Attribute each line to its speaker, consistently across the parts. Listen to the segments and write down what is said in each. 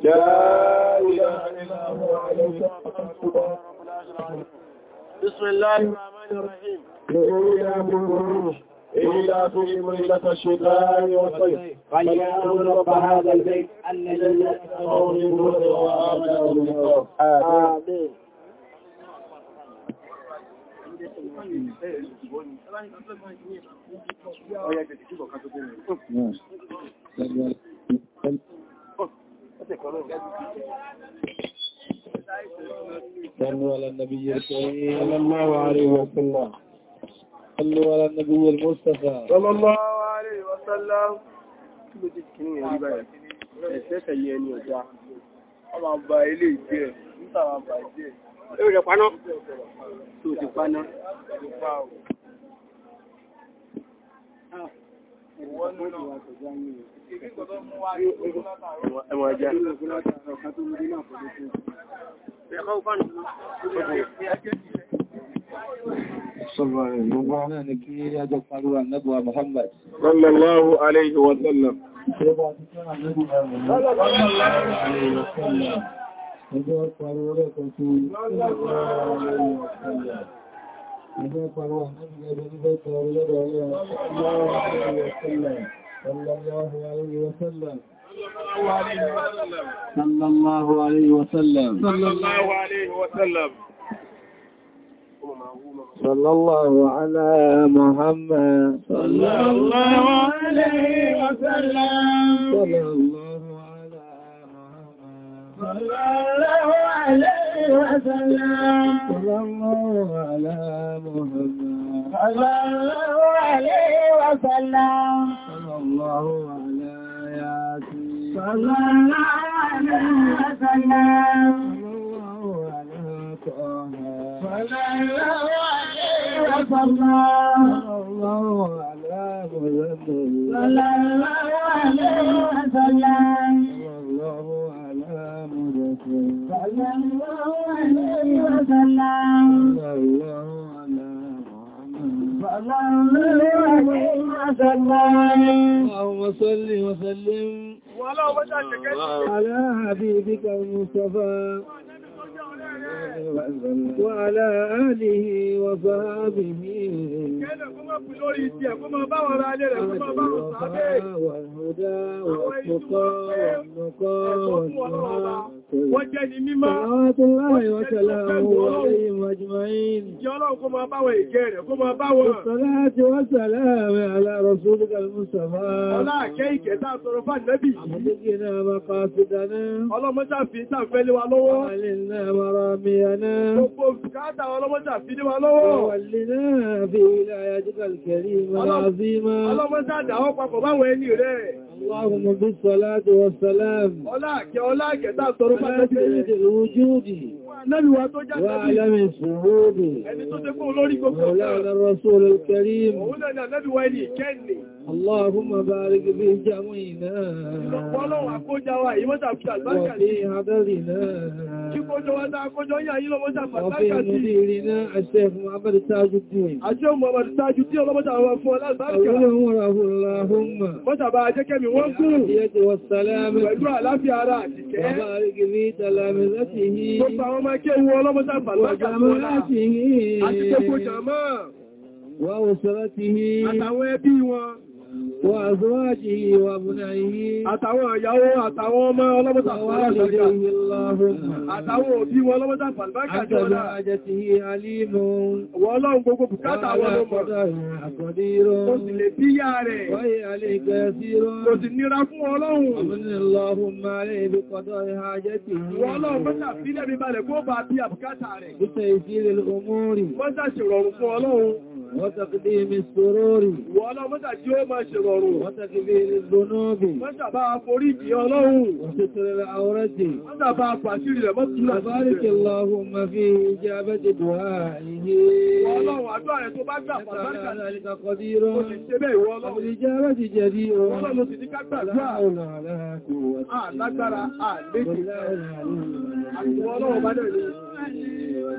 Speaker 1: لا إله
Speaker 2: إلا هو عليك بسم
Speaker 1: الله الرحمن الرحيم لأولي
Speaker 2: الأمر إلا في مريدة الشتاء والصيف فليعبد رب هذا البيت الذي يسمعه من نور وآمنه بالنور آمين صلوا على النبي الكريم صلى الله عليه وسلم
Speaker 1: صلوا على النبي المصطفى صلى الله
Speaker 2: عليه وسلم Ah. Ẹmọ̀ ẹja. Sọ́lọ́ rẹ̀ gbogbo náà ni kí ajọ Sallallahu alaihi wa sallam. أذاكره أبي بن بكر صلى الله عليه وسلم صلى الله عليه وسلم صلى الله عليه وسلم صلى الله عليه وسلم صلى الله على محمد صلى الله عليه
Speaker 1: وسلم صلى
Speaker 2: الله على محمد صلى الله عليه وسلم صلى الله على محمد صلى الله عليه وسلم
Speaker 1: صلى الله على ياسين صلى الله عليه وسلم صلى الله على طه صلى الله عليه وسلم
Speaker 2: صلى الله على محمد صلى الله عليه وسلم اللهم صل وسلم على حبيبك المصطفى وعلى آله وصحابه والهدى والتقى والنقى والنهى wọ́n jẹ́ ni mímọ́ Ọlọ́mọ́ta fi ìtàfẹ́ lé wa lọ́wọ́. Gbogbo bùkátà ọlọ́mọ́ta fi lé wa lọ́wọ́. Ọlọ́mọ́ta dáwọ́ papọ̀ báwọn ẹni rẹ̀. Allahumma bí sọ́lá ti wọ́n sọ́lá. Ọlá àkẹ́ ọlá àkẹ́ tàà tọrọ ومن وجوده نبي وعلم الشهود مولانا الرسول الكريم اللهم بارك في جمعنا وفي حضرنا وفي مديرنا الشيخ محمد تاج الدين اللهم رحمه اللهم وبارك في تلامذته kéwú ọlọ́mọ́sàgbà lọ́jà mọ́lá àti gbogbo jàmáà wọ́n وأزواجه وأبنائه àtàwọn àyàwó àtàwọn ọmọ ọlọ́mọ́ta fàlbákà àtàwọn òbí wọn ọlọ́mọ́ta fàlbákà jọ́nà àjẹ́sí alímú wọ́n ọlọ́run gbogbo bùkátà wọn lọ́mọ́ àkọ̀dírọ̀ ó sì lè bí yà rẹ̀ wáyé alẹ́gbẹ̀ sí rọ́ ó sì nira fún ọlọ́run ọmọlẹ́lọ́hùn máa rẹ̀ ibi kọ̀dọ̀ ìhàjẹ́sí wọ́n ọlọ́run mọ́ta fílẹ̀ bí balẹ̀ kó bá bí àbùkátà rẹ̀ وتقديم السرور ولمدى يوم شرور وتكفير الذنوب وشبع فريد يولو وستر العورة وشبع فاشير لمطلع وبارك اللهم في إجابة دعائه ولو أدعى تبقى فبارك ذلك قدير وبالإجابة جدير ولو تتكبر لا حول ولا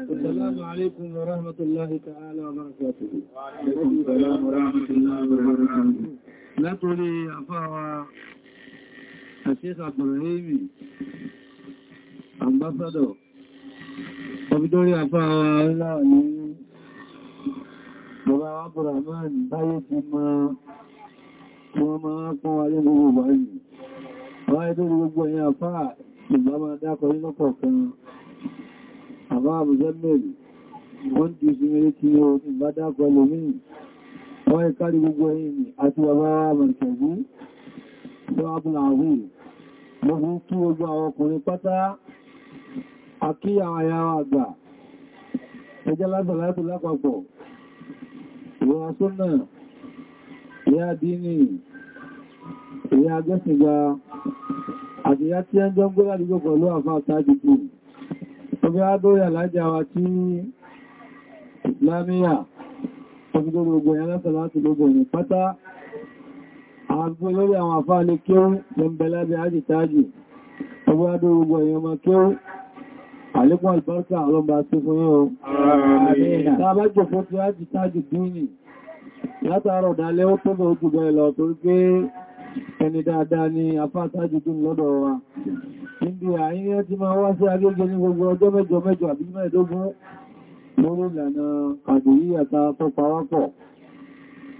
Speaker 2: قوة عليكم ورحمة الله تعالى وبركاته Látorí àfáwà Àṣíṣà Bùrẹ́mì, Ambassador, Ọbídórí àfáwà láàrin Bọ̀bá Abúràmán báyé ti máa tí wọ́n máa kún wa lé gbogbo báyìí. Àwọn ẹ̀dọ́rí gbogbo ẹ̀yà àfáà ìgbàmà dákọ̀ nílọ́pọ̀ kan, àbá àbúzẹ́ mẹ́rin wọ́n jù sí mẹ́rẹ́ tí ó ti bá dákọ̀ lómìnì wọ́n yẹ kárí gbogbo ẹ̀yìn àti bàbá mọ̀tẹ̀bú tó ápùlàwù gbogbo kí gbogbo àwọn ọkùnrin pátá àkí àwọn àyàwó àgbà ẹjẹ́ lásàlátù lápapọ̀ ìwọ̀n súnnà ìyá dínì ìyá agẹ́sìnga àti ìyá tí ọgbẹ́ adóyà lájá tí ìsìlámíyà ọdúnlórí ogun ẹ̀yà látà láti gbogbo ìrìn pátá àgbò lórí àwọn àfáàlé kéwú lẹ́mbẹ̀lábẹ̀ ájìtájì ọgbọ́ adó ogun ẹ̀yà ọmọ kéwú àlékún albarka ọlọ́mbà sí fún yóò tàbájò fún ti ájìtájì dúnì látàárọ̀ dalẹ́ ó tó bẹ̀ ojú bẹ̀ lọ torí pé ẹni dáadáa ni afáàtájì dún lọ́dọ̀ wa níbi àyíyàn ti máa wá sí agbègbè ní gbogbo ọjọ́ mẹ́jọ mẹ́jọ àbí mẹ́ẹ̀dógún lórí ìlànà àdìrí àta tó pawọ́pọ̀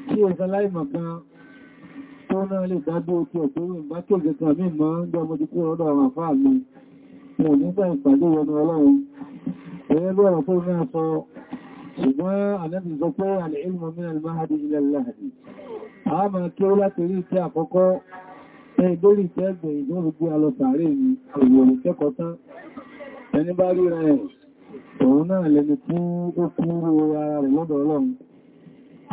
Speaker 2: tí ẹ̀sẹ̀ láìmọ̀ kan tó náà lè dájú ojú ọ̀pẹ́rùn bá kí òjẹta mí mọ́ ń jọ mọ́jú kúrò lọ́dọ̀ àwọn àfáà mi wọn nígbà ìpàdé wọnú ọlọ́run ẹ̀yẹ́ lọ́rọ̀ tó al-ilmu min mahdi ila lahdi a máa kí ó láti rí ìtẹ́ àkọ́kọ́ ẹgbórí ìtẹ́gbẹ̀ ìdórí gbé alọ́sàárẹ̀ ìrìn òwò ìkẹ́kọ̀ọ́ tán ẹ̀ òun náà lẹni tí ó fi ń ro ara rẹ̀ lọ́dọ̀ ọlọ́run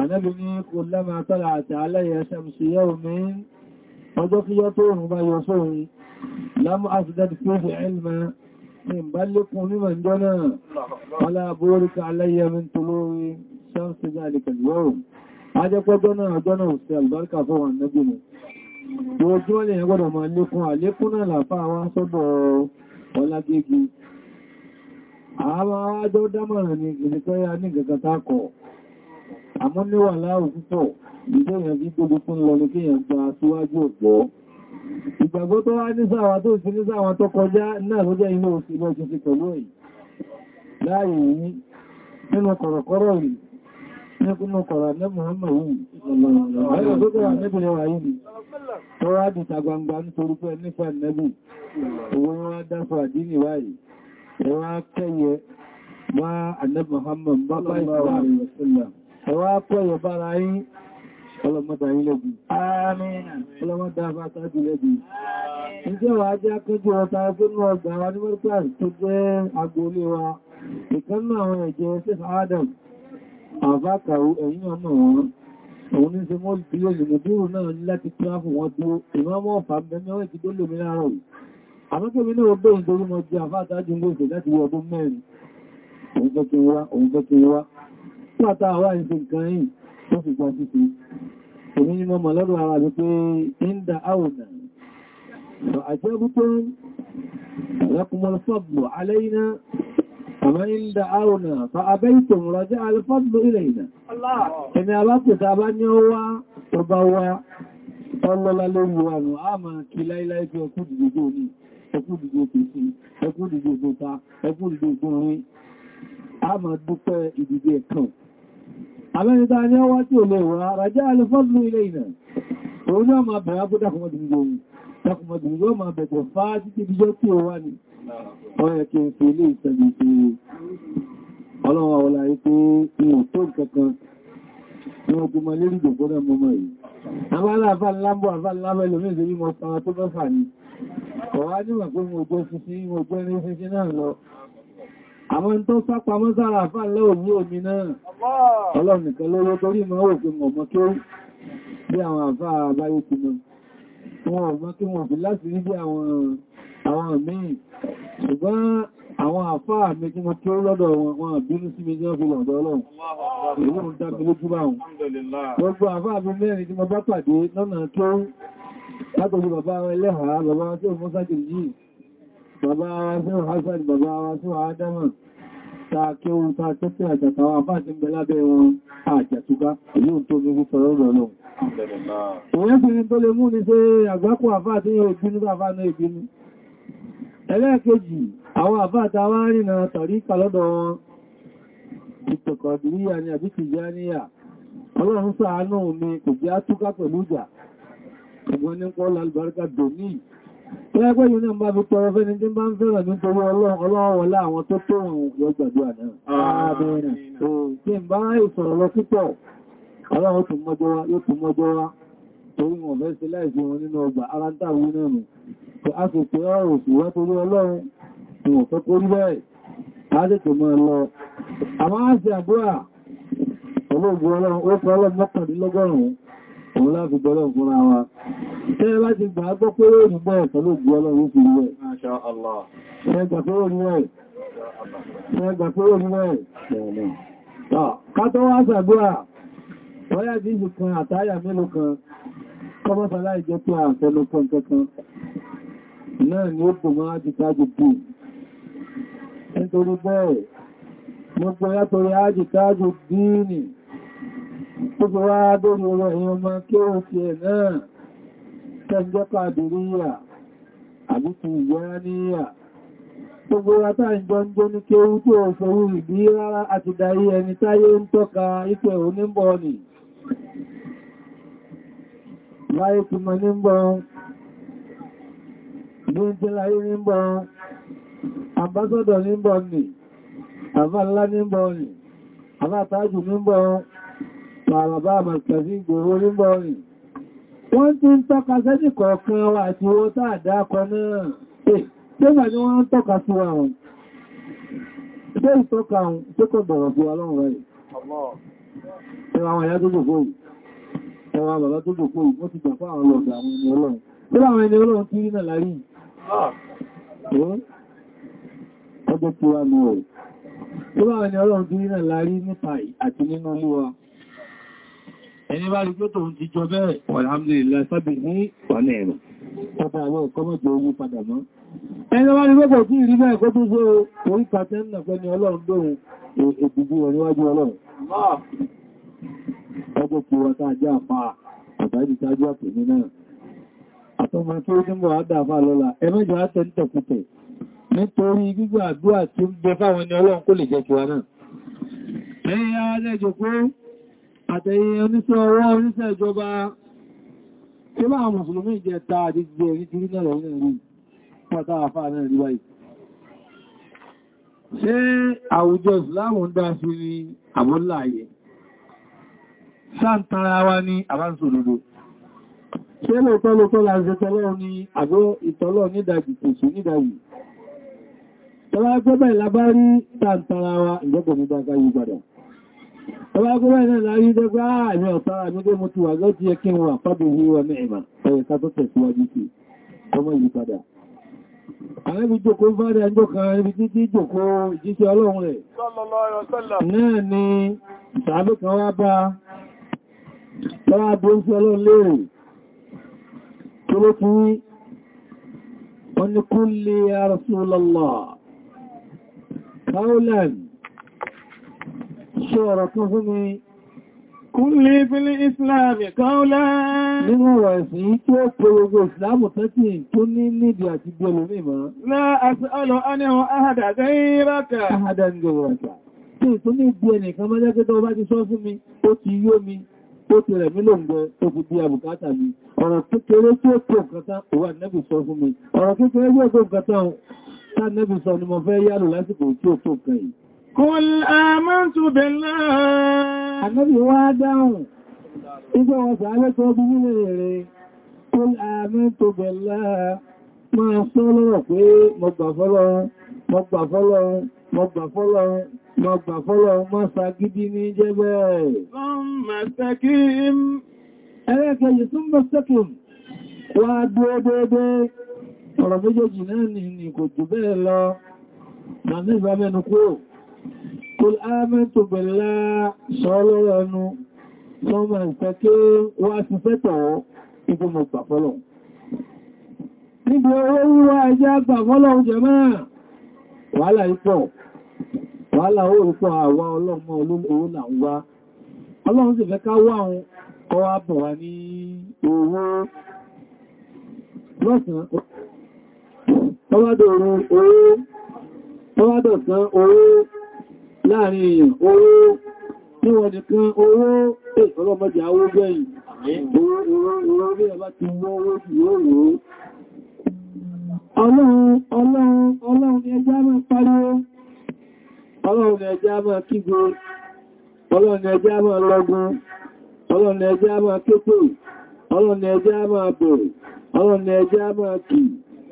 Speaker 2: Ànábì ní kò lámà tọ́lá àti aláyẹ ṣamsi yẹ́ omi ọjọ́ kí yọ́ tó rùn bá yọ sóhun lámù asìdájì pé fi ẹlmà ní bá lékún mímọ̀ ìjọ náà wọ́lá bóríkà aláyẹ mi tó lórí ṣamsi jáde kẹgbọ́rùn ajẹ́pọ́jọ́ náà ọjọ́ náà sí albarka fún wọn náà jùlọ gbogbo ọjọ́ lè gbọ́dọ̀ máa lékún àlékún àwọn àjọ ni ìrìnkọ́yà ní gẹ̀gẹ̀ tákọ̀ àmọ́ níwà láàrù púpọ̀ ìgbẹ̀yàn bí gbogbo fún lọ ní kíyàn gba síwájú ọ̀pọ̀ ìgbàgbọ́ tó wá ní sáwà tó sí ní sáwà tó kọjá náà ló jẹ́ inú òsì lọ sí pẹ̀lú ẹ̀ láàrin yìí nínú kọ̀rọ̀kọ́rọ̀ rí nínú kọ̀rọ̀ ní Muhammadu
Speaker 1: ọ̀rọ̀ tó tọ́wà
Speaker 2: níbìnrin wà yìí tó wá dìta ẹwà kẹyẹ bá annabi Muhammad bábá ìsìnlá ẹwà kẹyẹ bára yí ọlọ́mọdá yí lẹ́bí ọlọ́mọdá fàtà jù lẹ́bí ìjẹ́ wà á jẹ́ akẹ́jọ ọta fínú ọgbà wa ní mọ́ríkà tó jẹ́ agolé wa ìkánná àwọn ẹ̀jẹ́ sif Adam àbákàrú ẹ̀yìn ọmọ wọn òun ní ṣe mọ́ bí lónìí mọ̀dúrù náà láti tíráfù wọn tó ìmọ́mọ́ ọ̀fà bẹ́mẹ́wẹ́ àmọ́kẹ́mi ní ọgbẹ́ ìgbórí mọ́ jẹ́ àfáàtà jíngó ìfẹ̀ láti wọ ọdún mẹ́rin òun fẹ́ kí wá òun fẹ́ kí wá pàtà àwá ìfẹ́ nǹkan yìí tó fi gbá sí ti èmi ni mọ́ fadlu alayna àmá ìndà áwòdà fa abẹ́ìtò rọjá alfadlu ilayna ẹni alákùta bá ní ó wá tó bá wá ọlọ́lá lórí wa nù á máa kí láíláí ẹkú dìde òkèsí ẹkú dìde ògbòta ẹkú dìde ògbòrin a ma dúpẹ́ ìdìde ẹ̀kan alẹ́nita ní ọwá tí ò lẹ́wọ̀n àràjá alẹ́fọ́dún ilé ìnà òun náà ma bẹ̀rẹ̀ kó dákùnmọ́dìgbò dákùnmọ́dìgbò ma bẹ̀tẹ̀ fáá títí díjọ́ tí ó wá ní ọ̀rẹ́ kí n fi ilé ìsẹ̀gbẹ̀ tí ọlọ́wọ́ ọlá ikú ìwọ̀n tó kankan ní ọgbọmọ lérí ìgbòkó náà mọ́mọ́ yìí Àwọn aláàfà lábọ̀ àfà lábẹ̀ lórí ìdèrí mọ̀ pàwọn tó bá fà ní. Ọ̀wá níwà pé mo gbọ́ fífí, mo gbọ́ ní fífí náà lọ. Àwọn tó sápa mọ́ sára àfà lọ́wọ́ ní omi náà. Ọlọ́run nìkan lówó torí mọ́ wò pé mọ̀ mọ́ kí ó bí àwọn àfà àbáyé ti mọ̀. Wọ́n mọ́ kí wọ́n fi láti rí bí àwọn míì. Ṣùgbọ́n àwọn àfáà mi tí wọ́n tí ó lọ́dọ̀ wọn àbínú sí méjì ọ́fẹ́ lọ́dọ̀ ọlọ́run ìlú ń dá mi lójú bá wọn gbogbo àfáà mi mẹ́rin tí mo bá pàdé lọ́nà tó látọ̀jú bàbá wa ẹlẹ́hàá bàbá wa tí ó mọ́sá kìrìjì bàbá wa tí ó hasan bàbá wa tí ó adama ta kí ó ta tẹ́tẹ́ àjàtàwà bá ti ń bẹ lábẹ́ wọn àjàtúgbá èyí ò tó gbogbo sọ̀rọ̀ lọ́nà Ìrẹ́bìnrin tó lè mú ní ṣe àgbákò àfáà tí yóò bínú bàbá náà ìbínú àwọn àbáta wá rìnà tàríkà lọ́dọ̀ wọn ìtọ̀kọ̀dìríyà ni àbí Tìjàníyà ọlọ́run ṣàánú mi kò jẹ́ átúká pẹ̀lú ìjà ìgbọ́n ní pọ́lá albarka dòní Ẹgbẹ́ yìí náà bá fi tọrọ fẹ́ni tí bá ń fẹ́rẹ̀ nítorí ọlọ́wọ́ láwọn tó tó wọn ìgbàgbà náà.
Speaker 1: Ààbẹ̀rẹ̀
Speaker 2: tí ń bá ìsọ̀rọ̀ lọ púpọ̀, ọlọ́wọ́ tó mọ́jọ́ wá, yóò tó mọ́jọ́ wá, torí wọn fẹ́ sí láìsí wọn ní òfẹ́ kó rí báyìí àádẹ́tò mọ́ lọ àwọn àṣẹ àdúrà ọlọ́gbọ́ ọlọ́run ó fẹ́ ọlọ́run mọ́kàndínlọ́gọ́rùn-ún òun láti gbọ́lọ́ fúnra wa tẹ́rẹ bá ti gbà gbọ́ pé ó rí bẹ́ẹ̀ pẹ̀lú ògbò ọlọ́run fi rẹ̀ ṣẹ́gbà pé ó rí rẹ̀ kátọ́ wá ṣàdúrà ọyá jí ìkan àtàyà mélòó kan kankan náà ni ó pò máa ti tájú bíi nítorí bẹ́ẹ̀ gbogbo látorí ájìkájò dínì gbogbo wá dórí ọwọ́ èèyàn ma kí ó fi ẹ̀ náà tẹ́jẹ́ pàdìríyà àbí ti ìyáníyà gbogbo látà ìjọ́njọ́ ní kí ó tó òfòrú ìbí rárá àti darí ẹni táyé ń tọ́ka ipẹ̀ onímbọ̀ ni
Speaker 1: àbásọ́dọ̀ ní
Speaker 2: bọ́ ní àbá ńlá ní bọ́ ní àbá tájù ní bọ́ pàràbá àmàkàzí ìgbòho ní bọ́ ní wọ́n tí ń tọ́ka sẹ́jì kọ̀ọ̀kan wà àti owó tààdákọ náà tí mà ní wọ́n ń tọ́ka sí wa wọn ṣe ìtọ́ka wọn tó kọ̀ bọ̀rọ̀ ọlọ́run rẹ̀ ẹwà àwọn
Speaker 1: ìyá
Speaker 2: tó ọjọ́ tí wá mú ẹ̀. Tó bá wà ní ọlọ́run tó ríràn lárí nípa àti nínú olúwa. Ẹni bá rí pé tó ń ti jọ bẹ́ẹ̀, alhamdulillah sábì ní ọ̀nà ẹ̀rọ. Ọba àwọn ọkọ́ mọ́jọ orí padà mọ́. Ẹni bá rí pẹ́pọ̀ tí ìrí bẹ́ẹ̀ kó tó ṣe orí pàtẹ́ ń nàfẹ́ ni ọlọ́run lóhun èdìdí rẹ̀ níwájú ọlọ́run. Ọjọ́ kí wọ́n tá ajá àpá àbájí tájú àpè ní náà. Àtọ́mọ tó dín bọ̀ á dà fà lọ́la, ẹmẹ́jọ á tẹ́ ń tẹ̀kùtẹ̀ nítorí gbígbà àdúrà tí ó gbẹ fáwọn ẹni ọlọ́run kó lè jẹ́ kí wa náà ẹ̀yà alẹ́jọ̀kú àtẹ̀yẹ oníṣẹ́ ọwọ́ oníṣẹ́ ìjọba tí máa mùsùlùmí jẹ ta àdíjẹ nítorí náà rẹ̀ rí pọ̀tá àfà náà rí wáyìí ṣé àwùjọ ìsìláàmù ń dá sí ní àmúláyẹ sáàntara wa láti ṣe ní àbó ìtọ́lọ́ nídàjì tòṣù nídàjì tọba gbọ́bẹ̀ labárí tàntara wa ìgbọ́gbọ̀ mú bá gáyé gbàdà tọba gbọ́bẹ̀ náà lárí dẹ́gbà àmì ah, ọ̀tara ní gbé mú ti wà lọ́dí ẹkí wọn àpábẹ̀ yí wọn ní ìmà ẹ̀ẹ̀ká tó tẹ̀síwájú sí ọmọ yìí padà àrẹ́bí jòkó fádà ẹjọ́ kan ẹbí títí jòkó ìjíṣẹ́ ọlọ́run rẹ̀ náà ni قولا شوركهم كل في الإسلام قولا nínú ọ̀rọ̀ ẹ̀sìn yìí tí ó pè gbogbo ìsìláàmù tẹ́tì tó ní níbi àti gbé olómi mọ́. láàásì ọlọ́ ánìyàn ahàdà gẹ́rẹ́kà ahàdà gẹ́rẹ́kà tí tó ní bí ẹnìkan mọ́ jẹ́gẹ́dọ́ bá ti sọ fún mi ó ti yó mi tánẹ́bì sọ ni mo fẹ́ yálò lásìkò tí ó tó kàn yìí. Kul amantu billah. Ànábì wá dáhùn, ìgbọ́ wọn sàálẹ́ tó bí nílé rẹ̀, Kul amantu billah, máa sọ lọ́rọ̀ pé mo gbà fọ́lọ́run, mo gbà Mastaqim. Ẹlẹ́kẹ̀ẹ́ yìí mastaqim, wá dúó ọ̀rọ̀ méjèèjì náà ni ni kò jù bẹ́ẹ̀ lọ na ní ìbámẹ́nu kúrò kul amantu billah sọ́ọ́lọ́rọ̀ ẹnu sọ́mọ̀ ìfẹ́kẹ́ wá sí fẹ́tọ̀ ìgbìmọ̀ gbàfọ́lọ̀ níbi owó wíwá ẹjá gbàfọ́lọ̀ jẹ́mọ́ wàhálà ipọ̀ wàhálà ó rúpọ̀ àwa ọlọ́mọ olóòwò là ń wá ọlọ́run sì fẹ́ ká wá àwọn ọwá bọ̀ wá ní owó lọ́sàn tọ́wádọ̀rún owó tọ́wádọ̀sán owó láàrin èèyàn owó ní wọ́n nìkan owó eh, ọlọ́mọdé awó gbẹ̀yìn owó bí ẹ̀bá ti wọ́ owó ìwòrò ọlọ́run ọlọ́run ọlọ́run ẹjá máa pariwo ọlọ́run ẹjá máa kígbe ọlọ́run ẹjá máa lọ́gun ọlọ́run ẹjá máa képe ọlọ́run ẹjá máa bẹ̀rẹ̀ ọlọ́run ẹjá máa kìí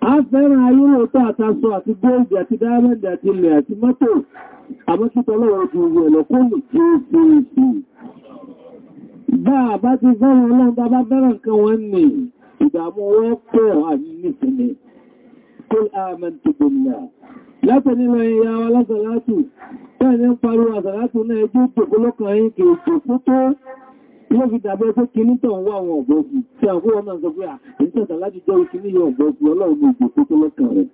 Speaker 2: a fẹ́ràn ayé lóòtọ́ àtàṣọ àti góòdì àti dáyàmẹ́dì àti ilẹ̀ àti mọ́tò àmọ́sítọ́ lọ́wọ́ ju ìwọ̀ ẹ̀lọ́kọ́lù tí ó fi ìsì bá bá ti fẹ́ràn ọlọ́run bá bá fẹ́ràn kan wọ́n ní ìdààmú wọ́n pọ̀ àmì nìsinmi wọ́n fi dàbẹ́ pé kí ní tọ̀ ń wá àwọn ọ̀gbọ́gbù tí a fún ọmọ ìsọ̀gbé à ń tẹ̀sà láti jẹ́ òkú níyọ ọ̀gbọ́gbù ọlọ́run ìgbòkó tó lọ́kàn rẹ̀.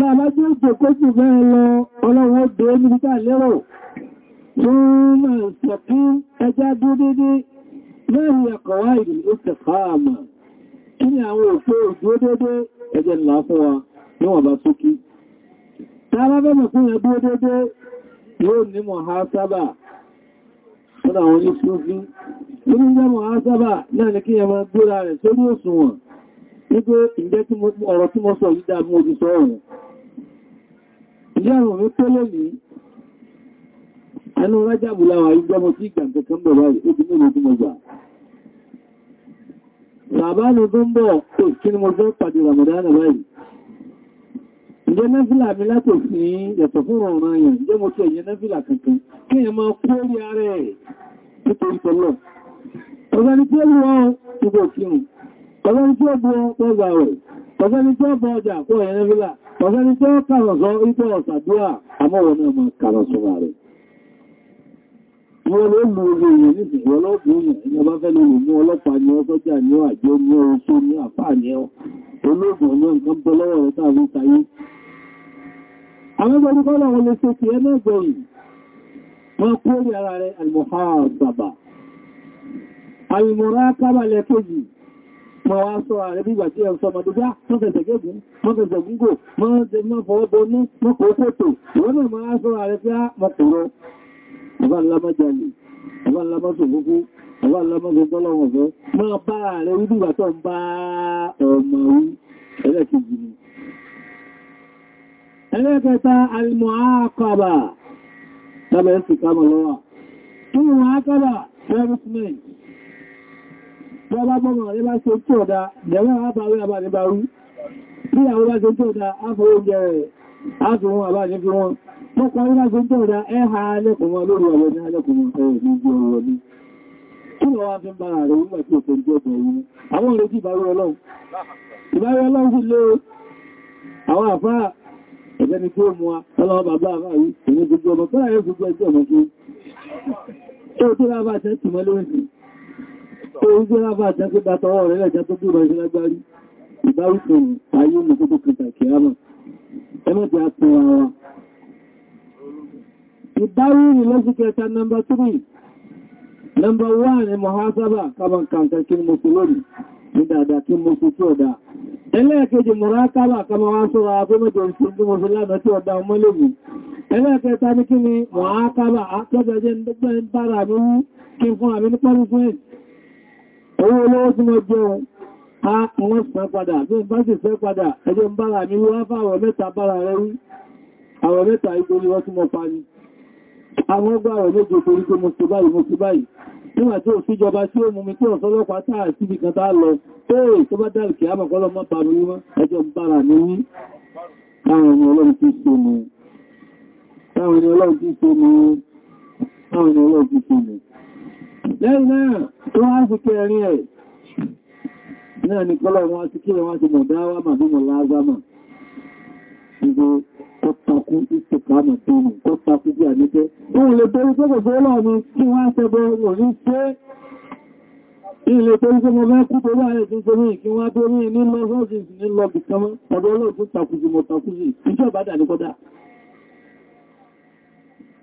Speaker 2: bàbá tí ó jẹ́ kókù bẹ́ẹ̀ lọ ọlọ́run dé níbi tá lérò tó máa sọ fún ẹjá dúdédé láàrin àkọ̀wá ìlú ó tẹ̀ fáàmà kí ni àwọn òfin òdúdédé ẹjẹ́ ńlá fún ní mọ̀ ha lọ́dọ̀ àwọn oníṣúfí nínú jẹ́mọ̀ asábà náà ní kí ẹ máa gbóra rẹ̀ sórí òṣùwọ̀n nígbé ìjẹ́ ọ̀rọ̀ tí mo sọ yìí dá mú ojú sọ ọ̀rọ̀ ìyá àwọn mi tó lè ní ẹnu rájàbù láwà ìgbọ́mọ sí ìgbàǹkẹ̀ kan bọ̀ báyìí ó bí mélòó tí mo gbà bàbá ni tó ń bọ̀ kí ni mo fẹ́ Ǹjẹ́ náfílà mi látò sí yàtọ̀ fún ọ̀ràn àyàn jẹ́ mo tí ẹ̀yẹ náfílà kankan kí ẹ máa kó rí ara ẹ̀ nítorí tọ́lọ̀. Ọ̀gá ni tí ó wọ́n ìgbò kírùn, ọ̀gá ni tí ó bọ́ pẹ́gbà rẹ̀, ọ̀gá ni tí ó bọ́ ọjà kó ẹ̀yẹ náfílà, ọ̀gá ni tí ó kàrọ̀ sọ ipò ọ̀sàdúrà àmọ́wọ̀ náà máa kàrọ̀ sọ rẹ̀. Wọ́n ló lu olè èèyàn ní ìsìnkú ọlọ́pùn èèyàn, ìjọba fẹ́ lè mú ọlọ́pàá ni ọ sọ́jà ni ọ àjọ ni ọ oṣó ni àfáà ni ọ, olóògùn ọ̀nà nǹkan bọ́ lọ́wọ́ rẹ̀ táàrí ìtayé àwọn gbọ́gbọ́gbọ́ wọn lè ṣe kí ẹ náà gbọ́rùn wọ́n kó rí ara rẹ̀ almuhasaba almurakaba lẹ́kẹ́jì ma wá sọ ààrẹ bí ìgbàtí ẹ̀rùn sọmọdúgbá tó fẹ̀sẹ̀ gẹ́gùn mọ́ fẹ̀sẹ̀ gúngò mọ́ jẹ mọ́ fọwọ́bọ̀ ní mọ́ kò fòtò wọ́n náà máa sọ ààrẹ fẹ́ mọ́kùnrọ̀ ọba ńlámọ́jẹ̀lì ọba ńlámọ́sògbógó ọba ńlámọ́sògbọ́lọ́wọ̀fẹ́ máa bá ààrẹ ẹlẹ́kẹta almuhakaba tàbí ẹ̀sì kama lọ́wà tó muhakaba servicemen tó bá bọ́mọ̀ rẹ̀ bá ṣe tí ọ̀dá jẹ́wọ́ àbáwẹ́ àbáníbarú bí àwọn bá ṣe tí ọ̀dá áfòójẹ rẹ̀ fi wọn ṣe rẹ̀ ọ̀gbẹ́ni tí ó mú wa tọ́lọ́wọ́ bàbá àwárí ìwé gbogbo ọmọ pẹ́lá yóò gbogbo ẹjọ́ ọmọ fún tó tó rábà tẹ́ tì mọ́ lórí tó tó rábà tẹ́ tó bá tọwọ́ rẹ̀ lẹ́jẹ́ tó dúró iṣẹ́ lágbárí ìbárùkùn ayé mọ̀ tó tó kẹta kìámọ̀ ẹmọ́ ti apẹ̀ ara wa ìbárùn lọ́sí kẹta ní dáadáa kí mo tún tí ọ̀dá ẹlẹ́ẹ̀kejì mùrákábà kama wá sọ́rọ̀ afẹ́mẹ́jọ ìṣẹ́jú mo fi lánà tí ọ̀dá ọmọ lèmù ẹlẹ́ẹ̀kẹta ni mùrákábà akẹ́gbẹ̀jẹ́ ń bára mi wú kí n fún àmì ní pẹ́lú fún ẹ̀ owó olówó tí mo jẹ́ a wọ́n sàn padà bí n bá sì fẹ́ padà ẹjẹ́ ń bára mi wú wá fáwọ̀ mẹ́ta bára rẹ̀ wú àwọ̀ mẹ́ta ìtorí wọ́n àwọn ọgbà àwọ̀ méje torí pé mo ti báyìí mo ti báyìí nígbà tí ó síjọba tí ó mú mi tí ó sọ́lọ́pàá táà síbi kan tá lọ tó èyí tó bá dáàlì kìí àmàkọ́lọ́ mọ́ bàrú wọ́n ẹjọ́ bára ní ní táwọn ẹni ọlọ́run tí so mú táwọn ẹni ọlọ́run tí so mú táwọn ẹni ọlọ́run tí so mú lẹ́yìn náà tó wá sí kẹrin ẹ̀ náà ni kọ́lọ̀ wọn tó takú ìsìnkàmọ̀ tó rùn tó takú bí àníjẹ́. Ìhùn lè torí tó gbogbo ọlọ́run tí wọ́n ń sẹ́gbọ́ wọ̀n ní ṣe ilé torí tó mọ́ bá kú tó bá rẹ̀ tí tó rí kí wọ́n tó rí ní lọ́sọ́sì ní lọ́bì kan ọ̀dọ́ ọlọ́run takú sí mọ̀ takú sí ìjọba dà ní kọ́dá.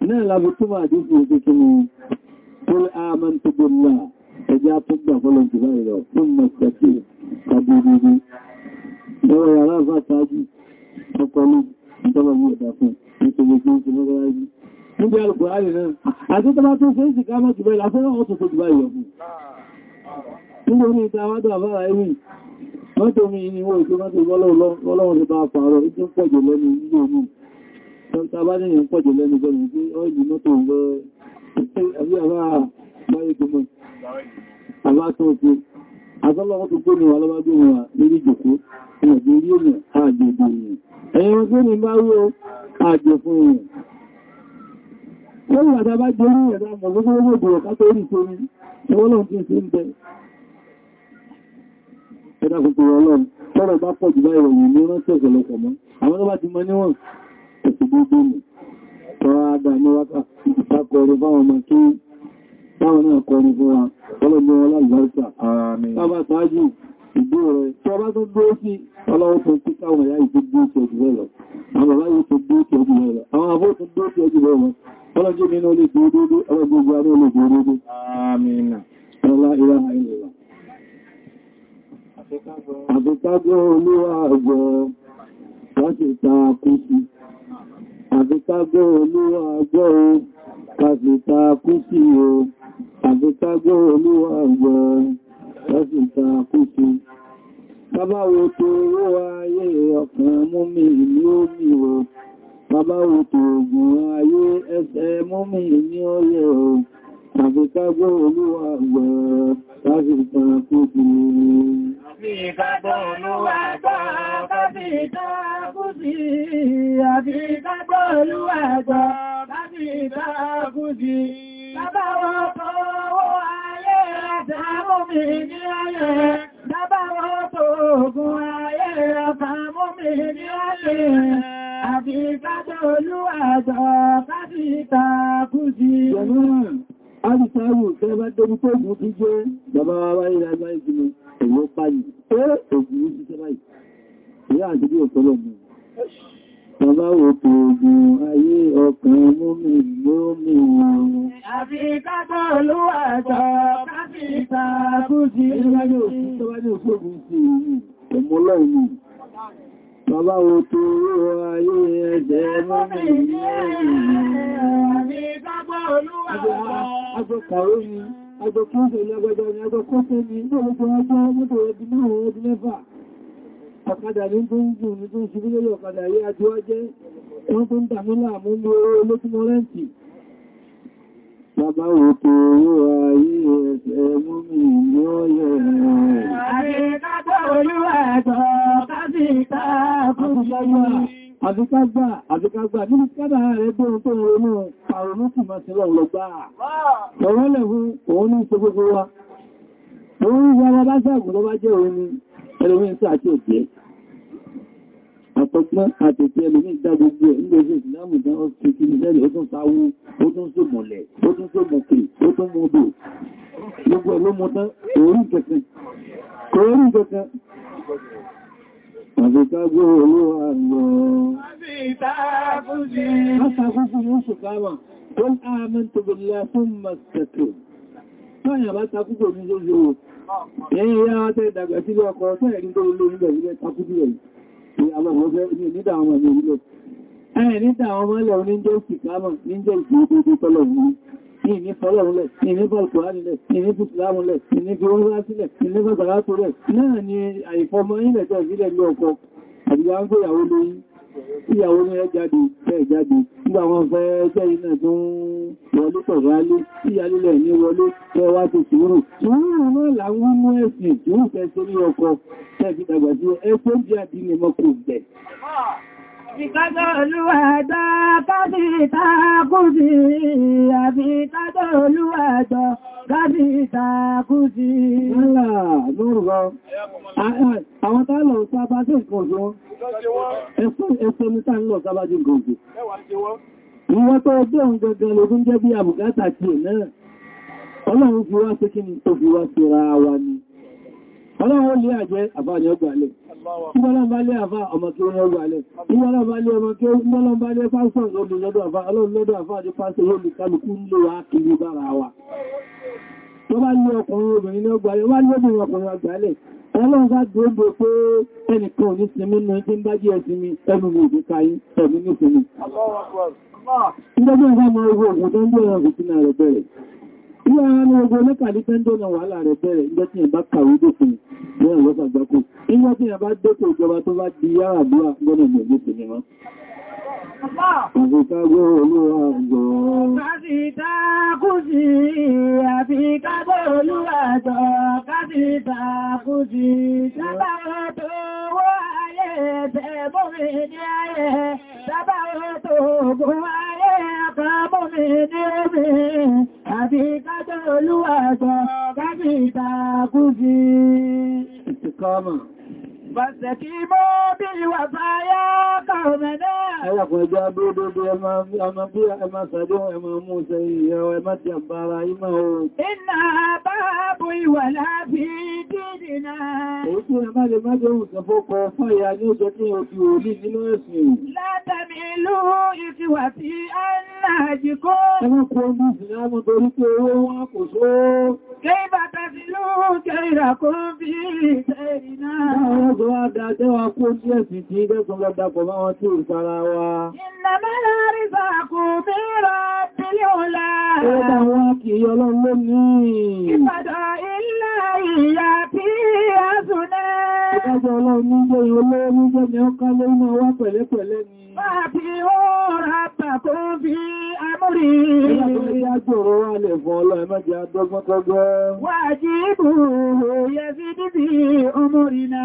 Speaker 2: Náà lábi tó ìtọ́lọ̀wọ́ ìdàkùn nítorí tí ó ti lọ́rọ̀ ayé níbi alùpùrárì náà àti tọ́lá tó fẹ́ ìsìnká mọ́ jùlọ ìlàfẹ́ràn ọ̀tọ̀ tó jùlọ ìyọ̀kùn nítorí ìta wádọ̀ àbára ẹ̀rù mọ́tò mi ni wọ́n ìṣẹ́ mọ́tò ọlọ́run ti bá pààrọ̀ ìjọ pọ̀jù lẹ́nu ìlú ọmọ tàbá ní ìyẹn pọ̀jù lẹ́nu gọ́nà sí ọ́ìlú mọ́tò ń gbẹ́ àbí àbá báyé gbọmọ̀ àbá tó fi àtọ́lọ́wọ́ tó kó ní wà lọ́wọ́ gbọ́n wà lórí ìjòkó ìwọ̀dé orí òmù àjòbò ni ẹ̀yẹn tó ní bá rí o àjò fún rẹ̀ lórí àdá bá jẹ́ orí ẹ̀dá mọ̀ lórí owó ìbòrò ká tó rí torí ìwọ́lọ́n tí Báwọn náà kọrin fún wa, ọlọ́gbọ́ aláìbáríkà. Bábá sáájú ìgbó rẹ̀, tí ọba tó dúró sí ọlọ́wọ́ tó tí káwọn ẹ̀yà ìtò dúró sí ọjọ́ rẹ̀ lọ. Àwọn ọ̀rá yóò tó dúró sí ọjọ́ rẹ̀ lọ. Àwọn àbó tó dúró sí ọjọ́ rẹ̀ lọ. Ọlọ́jọ́ mi náà lè dúró kú sí o àgbékágbọ́ olúwa ọgbọ̀ lọ́sìta kútù bàbáwo tó owó ayé ọkàn múmi ní omi o bàbáwo tó ogun ayé ẹsẹ̀ múmi ní ọyẹ o àgbékágbọ́ olúwa ọgbọ̀ lọ́sìta kútù Àbíkágbọ́ olúwa gbọ́ lọ́sìta kútù Àbíkágbọ́ olúwa gbọ́ Bàbá wọn tó owó ayé àtàmú mi ní ayé. Bàbá wọn tó ogun ayé àtàmú mi ní ayé. Àbí kájọ olúwàjọ kábí ìtàkù sí. Àdìsáwò tẹ́ bá débi tó gùn tí jẹ́ bàbá wa ìrìnàjò ìgbìmọ̀ èyí ó Ó ògùn ó sì tẹ́ Ìyá àti bí òṣèlú ọmọ. Bàbá òkè ogun ayé ọkàn múmi mi wọn. Àbí kátọ̀ olúwà sọ káfíta kúsí ìrìnàjò òfógun sí ọmọlọ́ìní. Bàbá òkè ogun ayé ẹ̀jẹ̀ múmi lómi. Àbí kátọ̀ olúwà sọ. Agbọ́kàwé ni, agbọ́kúnṣe ni agbọ́jọ́ ni agbọ́kúnṣe ni, ní ọgbọ́n ọgbọ́n mọ́tò ẹbí náà ẹbí mẹ́fà ọ̀kadà ní tó ń gùn ní tó ń ṣe bí lórí ọ̀kadà yí ajúwá jẹ́ wọ́n tó ń dàmí láàmú ní owó olókùnmọ́ rẹ̀ǹtì bàbá òkè yóò ayé ẹ̀ẹ́ mú mi ní ọyẹ̀ Àdúkágbà, àdúkágbà, nínú kádà rẹ̀ bí ohun tó ń ronú àrùn ní kìí máa ti lọ lọ́gbà. Ọ̀rọ̀lẹ̀ fún òun ní ṣe gbogbo wa. bá ṣàgùn lọ bá jẹ́ òun ni, ẹlòmí ń sáà tí ò àtọ́pẹ́ àtẹ̀tẹ́ ẹlòmí ìdá gbogbo ẹ̀ nígbò sí ìsìláàmù ìdá ọ̀sẹ̀ kí nìlẹ́lẹ̀ ó tún sáwú ó tún só mọ̀lẹ̀ ó tún só mọ̀kè ó tún mọ̀ odò gbogbo ẹ̀ ló mọ̀ tán orí kẹ̀kẹ́ orí kẹ̀kẹ́ àbíkágbó olú àlọ́ látàkùnkùn yóò ṣùkáwà tó ààmì tó bèèrè fún mọ̀sẹ̀kẹ̀ tọ́yà bá takùnkùn ní lórí o ẹ̀yìn Ẹ̀ẹ̀níta àwọn ọmọ ilẹ̀ oníjẹ́ ìsìkámọ̀ níjẹ́ ìsìnkú tó tọ́lọ̀ yìí, ní ní fọ́lọ̀rúnlẹ̀, ní ní bọ̀lùkùránilẹ̀, ní ní bùsùlámùlẹ̀, ní ní fi wọ́n rá sílẹ̀, ní ní bàbàrá tó rẹ̀, náà ni àìfọmọ́ ilẹ̀ tẹ́ ìbílẹ̀ ní ọkọ̀, àdìgbà ń gbé ìyàwó lóyìn ìyàwó ní ẹjáde fẹ́ ìjáde nígbà wọn fẹ́ ẹgbẹ́ iná tó ń wọlé pẹ̀lú alé tí alílẹ̀ ní wọlé tẹwà tó sùúrù sùúrù náà olúwàjọ́ Káàdì ìtàkùsí. Yálà, lórúkọ. Àwọn tààlọ̀ sábá jẹ́ nǹkan ọ̀sán. Ẹ̀sọ́ ní tààlọ̀ sábá jẹ́ nǹkan ọ̀sán. Ìwọ́n tó ọjọ́ òun gẹ́gẹ́ lógún jẹ́ bí àbùkátà tí ò náà. Ọlọ́run fi wá pé kí ni tó fi wá sí ra wa ni. Ọlọ́run lé àjẹ́ àbá ni ọgbà lẹ̀. Ìgbọ́lọ́n bá lé àfá ọmọ kí wọ́n ọgbà lẹ̀. Ìgbọ́lọ́n bá lé ọmọ kí wọ́n bá lé pásọ̀ lọ́dọ̀ àfá. Ọlọ́run lọ́dọ̀ àfá àti pásọ̀ lọ́dọ̀ tó bá ní ọkùnrin obìnrin ní ọgbà yóò wá ní obìnrin ọkùnrin àgbàlẹ̀ ọlọ́run bá gbogbo pé ẹnìkan ní sinmi ní tí ń bá jẹ́ ẹ̀sinmi ẹnu ní òkú káyí ẹ̀mí ní sinmi ìgbẹ́gbẹ́ ìgbàmọ̀ ogun ògùn tó ń gbé ẹran òkú na wàhálà rẹ̀ bẹ̀rẹ̀ ìgbẹ́ tí ẹ̀bá kàwé dókùn lẹ́yìn lọ́sàgbákùn ìgbẹ́ tí ẹ̀bá dókò ìjọba tó bá ni sí kábọ̀ olúwàjọ́ kábíbà fújì sábàwọ́ tó wó ayé tẹ́bọ́mì ní ayé sábàwọ́ tó gún ayé àkàbọ́mì ní omi àbí kájọ́ olúwàjọ́ kábíbà fújì. Ìtìkọ́mọ̀. Fàṣẹ̀kìmọ́ bí ìwà fàyà ẹmà bí ẹmà sàdó ẹmà mú ṣe ìyẹ̀wọ̀ ẹmà ti àbára ìmọ̀ oòrùn. Iná bá bú ìwà láàbí dìdìnà. Èyí tí ẹmà lè má jẹ́ òun sọ̀fọ́kọ̀ fọ́yà ní ó jẹ́ kí wá dájọ́ wa kó sí ẹ̀sìn tí dẹ́kun lọ dapọ̀ bá wọn tí ò sára wa. Ìlàmọ́lá rí bá kò mírọ̀ pílé ọlá. Ẹgbẹ́ wọn wà lè fún ọlọ́ ẹmọ́jẹ adọ́gbọ́n Wà jí ìbò yẹ sí dídí ọmọ ìrìnà.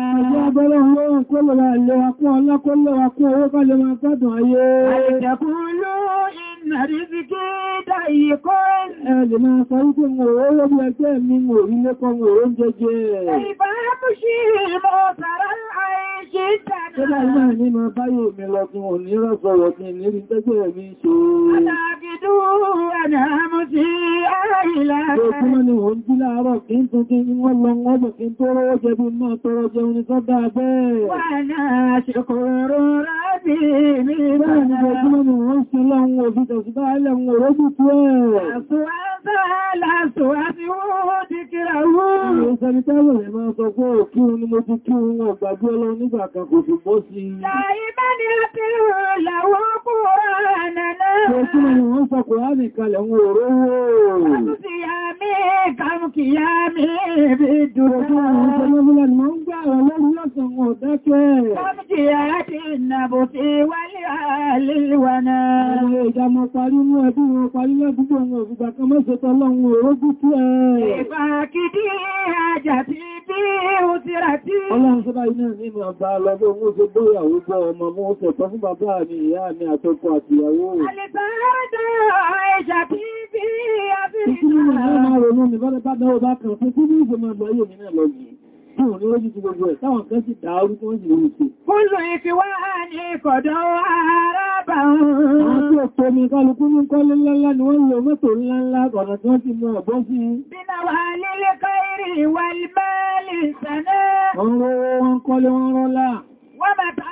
Speaker 2: Abẹ́lẹ́ ọlọ́run kó lọ́la ìlera kún ọlá kún owó ká máa gbádùn àríbíkẹ́ dáyé kọ́ ẹ̀lẹ̀ máa sọ wípé mo rọ́ lọ́wọ́ ẹgbẹ́ mi mo rí lẹ́kọ́ mo rọ́ jẹjẹ ìbábúṣí mọ́ tàrà àìṣẹ́ ìtàdà tó bá ìgbà ní ma báyé mi lọ́gbọ̀n ò ní rọ́sọ̀rọ̀ kí ní rí tẹ́gbẹ́ mi ṣe àtàkìdú àdámú sí ara ìlà tó kúmọ́ ni wọ́n jí láàárọ̀ kí n tún kí n wọ́n lọ ọgbọ̀ kí n tó rọ́wọ́ jẹ bí mọ́ tọrọ jẹun ní sọ́dá bẹ́ẹ̀ wà náà ṣe kòrò rábì ní ìbára أسبالا وربطوا أسواتا الأسوات وذكره Ìrọ̀sẹ̀ni táwọn ìmọ̀ sọ fún òkú ní mo ti kí wọn gbàgbé ọlọ́run nígbà kan kò sì bọ́ sí. Láìbá ni a ti rò láwọ́ kó rà nànà. Ṣé kí ni wọ́n fọkùn á nìkalẹ̀ wọn òró wò? Wọ́n tún sí àmì ìkàrùn kìí àmì ìbí dùn. Ọjọ́ ìjọmọ́ parí inú ẹbí wọn parí lẹ́gbùgbò wọn òfìgbà kan mẹ́sẹ̀tọ́ lọ́wọ́ orógú tí ẹ̀ ìbà kìdí àjà tí bí ó ti rà tí ọlọ́run sọ́bá iná nínú ọba lọ́gbọ́ wọn ó ṣe gbóyàwó gbọ́ ọmọ mú ó tẹ̀tọ́ fún bàbá mi ìyá mi àtọkọ àtìyàwó Àlẹ́sàárẹ́ Àwọn ni ó jí ti gbogbo ẹ̀ táwọn kan sì dáa orúkọ ìrìnṣẹ́. Fúnlù ìfiwá ní kọ̀dọ̀ ara bá wọn. Àti ọ̀pọ̀ ni kálukú ní kọ́lé ńláńlá ni wọ́n lò mọ́tò ńláńlá ọ̀nà tí wọ́n ti mú ọ̀gbọ́n Wọ́n bàtà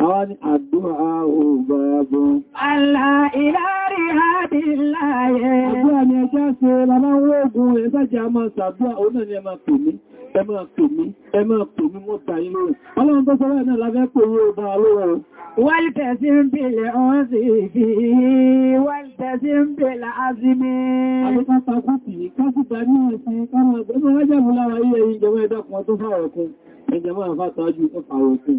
Speaker 2: àwọn ni àdúrà ògbàgbọ́. Àlà ìlàrí àdì láyé. Àdúrà ni ẹjá ṣe lábá wóògùn ẹgbẹ́jà máa sàdúrà oúnà ni ẹ máa pè mí, ẹ máa pè mí, ẹ máa pè mí mọ́ ta ilé. Ọlọ́run tó sọ́rọ̀ náà lábẹ́ pè yóò bá lóòrùn. Wálìtẹ̀ sí ń bèèlẹ̀ ọ́n sì fi, wálìtẹ̀ sí ń bèèlẹ̀ azimi. Àbúkọ́ takútì, kásìtà ní ẹ̀sìn kọ́mọ̀ ẹgbẹ́ mọ́ rájàmù lára ilẹ̀ ìjọba ẹ̀dàkùn ọdún fáwọ̀kún, ẹjẹ̀ máa fátọ́jú ọfàwọ̀kún.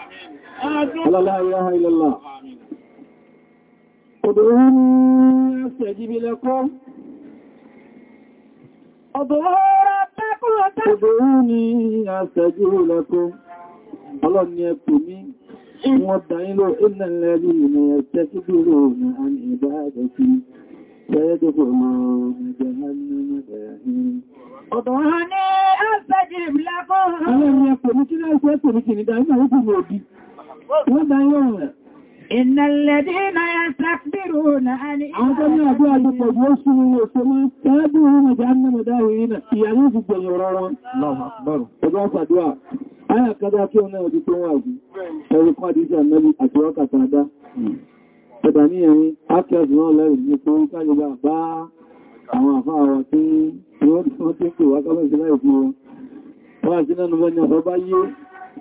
Speaker 2: لا إله إلا الله ادعوني أستجب لكم ادعوني أستجب لكم الله يكتمي وضعينه إن الذين يستكبرون عن عبادتي سيدخلون جهنم داهين ادعوني أستجب لكم الله يكتمي كلا يستجب لكم Iná lẹ́dí na ya sàkbírò na a ní àwọn tó ní àbúrà tó pọ̀jú ó ṣúrú òṣèlú tẹ́lẹ́bí wọn mọ̀ jáàmù mọ̀ dáwì rí nà ìyàwó fi gbẹ̀yìn ọ̀rọ̀ wọn. Ọjọ́ pàdúwà, ẹ̀rin, ákẹ́ẹ̀sì náà lẹ́rù ní pé ó kájọba bá àwọn àfáà tí wọ́n tí wọ́n tí ń pè wá kọ́lọ̀ sí láì wọn. Wọ́n àti náà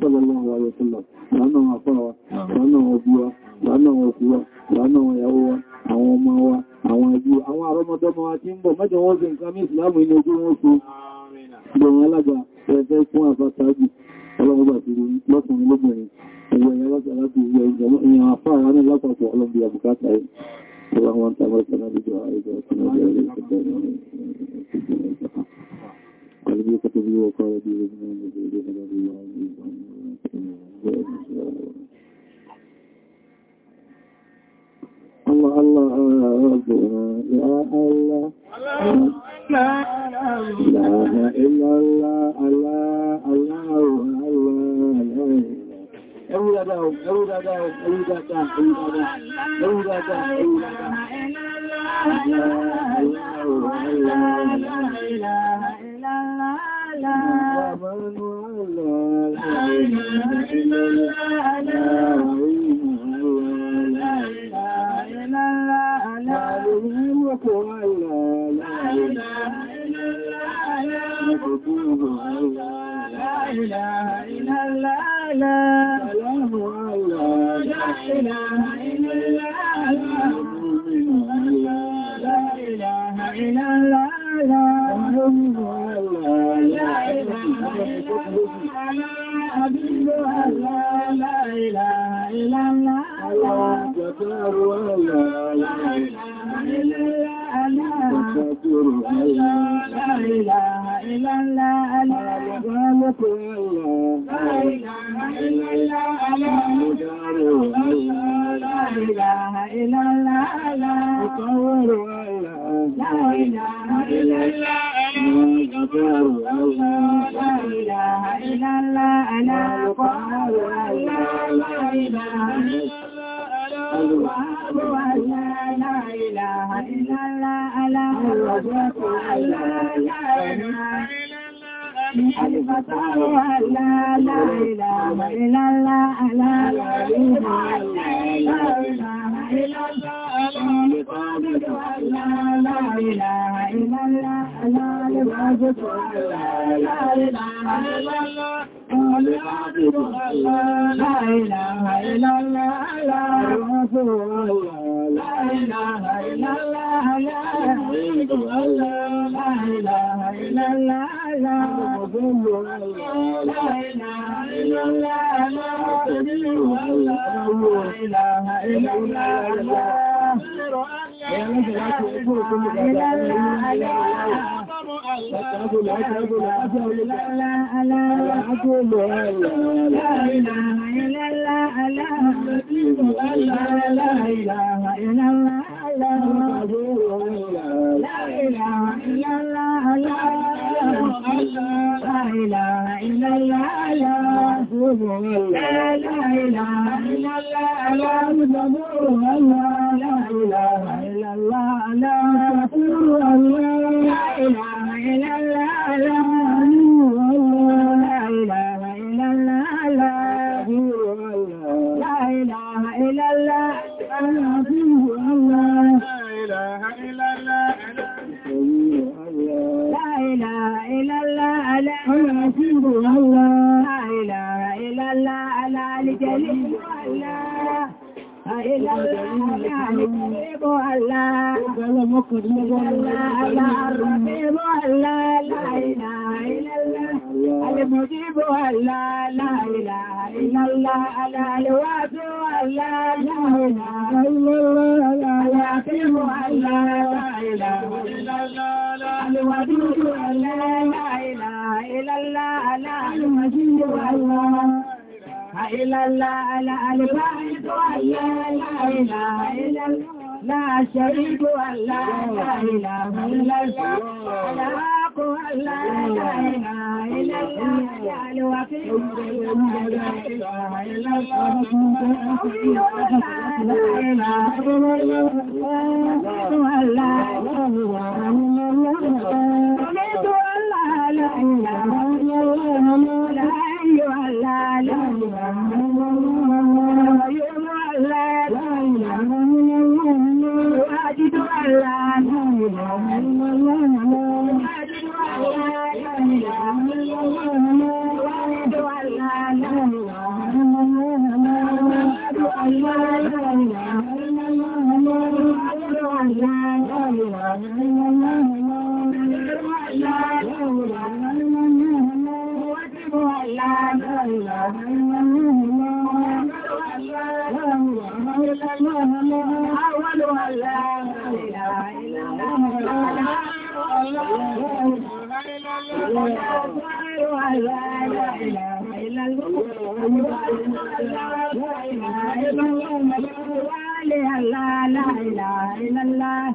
Speaker 2: صلى الله عليه وسلم lánà àwọn afá wa lánà àwọn òbí wa wa wa àwọn ọmọ wa àwọn ẹbí àwọn àrọmọdọ́mọ wa tí ń bọ̀
Speaker 1: mẹ́jọ ti Allah Allah Rabbuna ya Allah
Speaker 2: La ilaha illallah Allah Allah Allah Ẹrú dáadáa, ẹrú dáadáa, ẹrú dáadáa, ẹrú dáadáa, ẹrú dáadáa, ẹrú dáadáa. لا إله إلا الله لا إله إلا الله إلا الله القادر لا لا إله إلا الله لا الواجد لا إله إلا الله القادر لا إله إلا الله لا رسول الله
Speaker 1: Ìlànà ìlànà
Speaker 2: La ilaha illallah, la ilaha illallah, la ilaha illallah. إلا الله لا إله إلا الله لا إله إلا الله لا إله إلا الله لا إله إلا الله لا إله إلا الله لا لجليل الله لا إله إلا الله وقد على الرقيب لا لا اله الا الله المجيب لا لا اله الا الواد لا لا اله الا الله العقيم لا اله الا
Speaker 1: الله
Speaker 2: الودود لا اله الا الله لا المجيد الله إلا الله لا لا إله إلا الله
Speaker 1: لا شريك ولا إله إلا الله
Speaker 2: الحق ولا إله إلا الله يا الوكيل لا إله إلا الله لا إله إلا الله ولا إله إلا الله لا إله إلا الله لا إله إلا الله لا إله إلا الله أشهد أن لا إله إلا الله الله لا إله إلا الله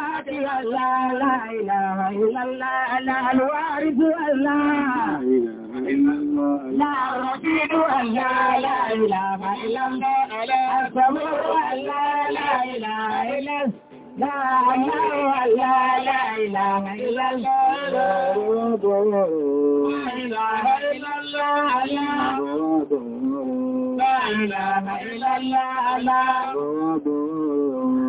Speaker 2: لا لا إله إلا الله لا الوارث ولا لا الرشيد ولا لا إله إلا الله لا الصبر ولا لا إله إلا لا الله ولا لا إله إلا الله لا إله إلا الله لا إله إلا الله لا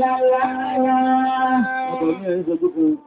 Speaker 2: ńlá ńlá ńlá.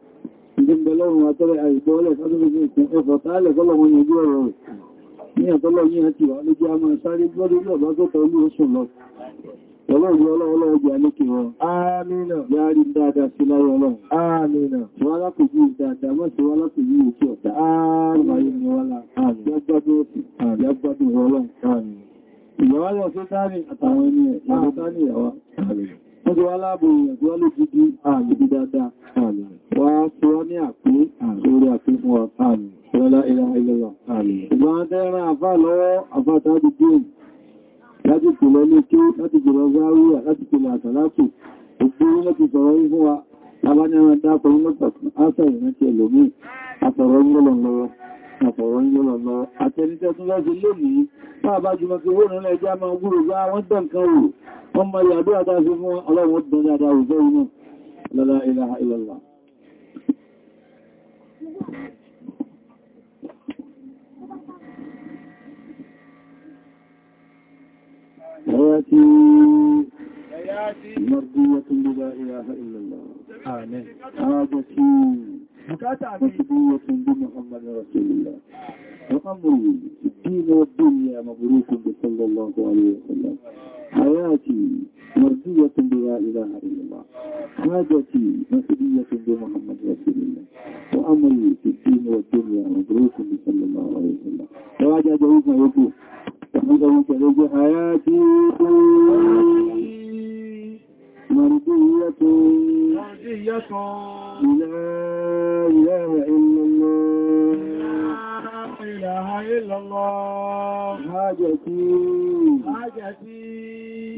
Speaker 2: ìgbẹ̀lọ́run àtọ́rẹ àìgbọ́ọ̀lẹ̀ fásitì ìkùn ẹfọ̀ tààlẹ̀ fọ́lọ̀wọ́n ní ojú ọ̀rọ̀ rẹ̀ ní àtọ́lọ́ yí àti wà lójú a máa sáré gbọ́dọ̀ ilẹ̀ ọ̀bá tó tọ́lú oṣù lọ Ọlọ́run ọlọ́ọ̀lọ́ ọjọ́ alékè wọn. Àmìnà. Yáàrí dáadáa sí láyé ọlọ́run. Àmìnà. Wọ́n lápòjú dáadáa mọ́ sí wọ́n lápòjú òkú ọ̀tá. Àmìnà. Àmìnà. Àmìnà. Àmìnà. Àmìnà. Ọjọ́ aláàbò ìgbọ́ ló fi di ààbò dáadáa ààrẹ. Wà á fi wọ́n ní àpé ààrẹ àti fún ààrẹ. Wọ́lá ilẹ̀ ilẹ̀ ààrẹ. Ìgbọ́n tẹ́ran àfá lọ́wọ́ àfáta di dé láti pèlọ lókè láti pèlọ záríà láti pèlọ àtàlátò. Òkú láti sọ̀rọ̀ yí fún wa. Abániran dápọ̀ nílọ́pọ̀ ásà ìrántí ẹlòmí. Àfọ̀rọ̀ ń lọ́lọ́ lọ́wọ́. Àfọ̀rọ̀ ń lọ́lọ́ lọ́wọ́. Àtẹnitẹ́ tún lọ́sí lónìí. Bá àbájúmọ́ fi wó ọmọ ìyàdó àdáṣe fún ọlọ́run ó dán dáadáa òjò inú lọ́lá ilaha
Speaker 1: illallah حياتي مرضية بلا
Speaker 2: إله إلا الله آمين حاجتي مكتبية بمحمد رسول الله وأمري الدين والدنيا مبروك بصلى الله عليه وسلم حياتي مرجوة بلا إله إلا الله حاجتي مسؤولية بمحمد رسول الله وأمري في الدين والدنيا مبروك صلى الله عليه وسلم فواجه جهوك يقول تحمده كذلك حياتي مرجية مرجية لا إله إلا الله ilaha illallah Májẹ̀tí. Májẹ̀tí.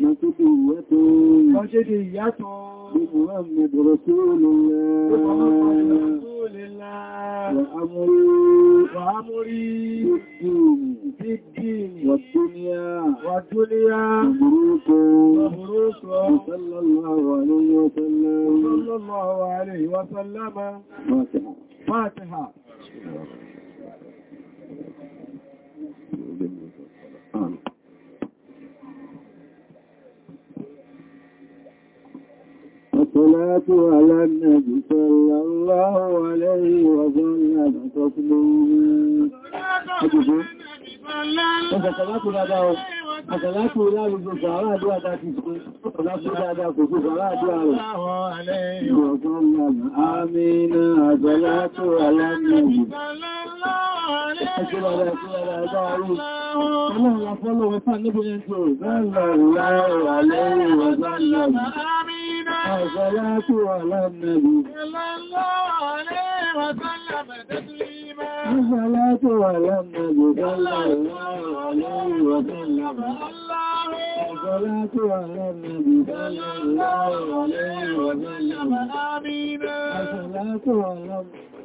Speaker 2: Màtíkì ìyàtò. Màtíkì ìyàtò. Muhammad Rasulullah. Muhammad
Speaker 1: Rasulullah.
Speaker 2: Wa amri. Wa amri. Bid-din. Wad-dunya. Wad-dunya. Mabruko. Mabruko. Sallallahu alayhi wa sallam. Sallallahu
Speaker 1: alayhi wa sallam.
Speaker 2: níbi ìṣò sallallahu alaihi wa sallam àmìnà àṣàlátù aláàmìnàbí sallallahu alaihi wa sallam
Speaker 1: taslima
Speaker 2: àṣàlátù
Speaker 1: aláàmìnàbí sallallahu
Speaker 2: alaihi wa sallam
Speaker 1: àṣàlátù aláàmìnàbí sallallahu alaihi wa sallam
Speaker 2: àmìnà
Speaker 1: àṣàlátù aláàmìnàbí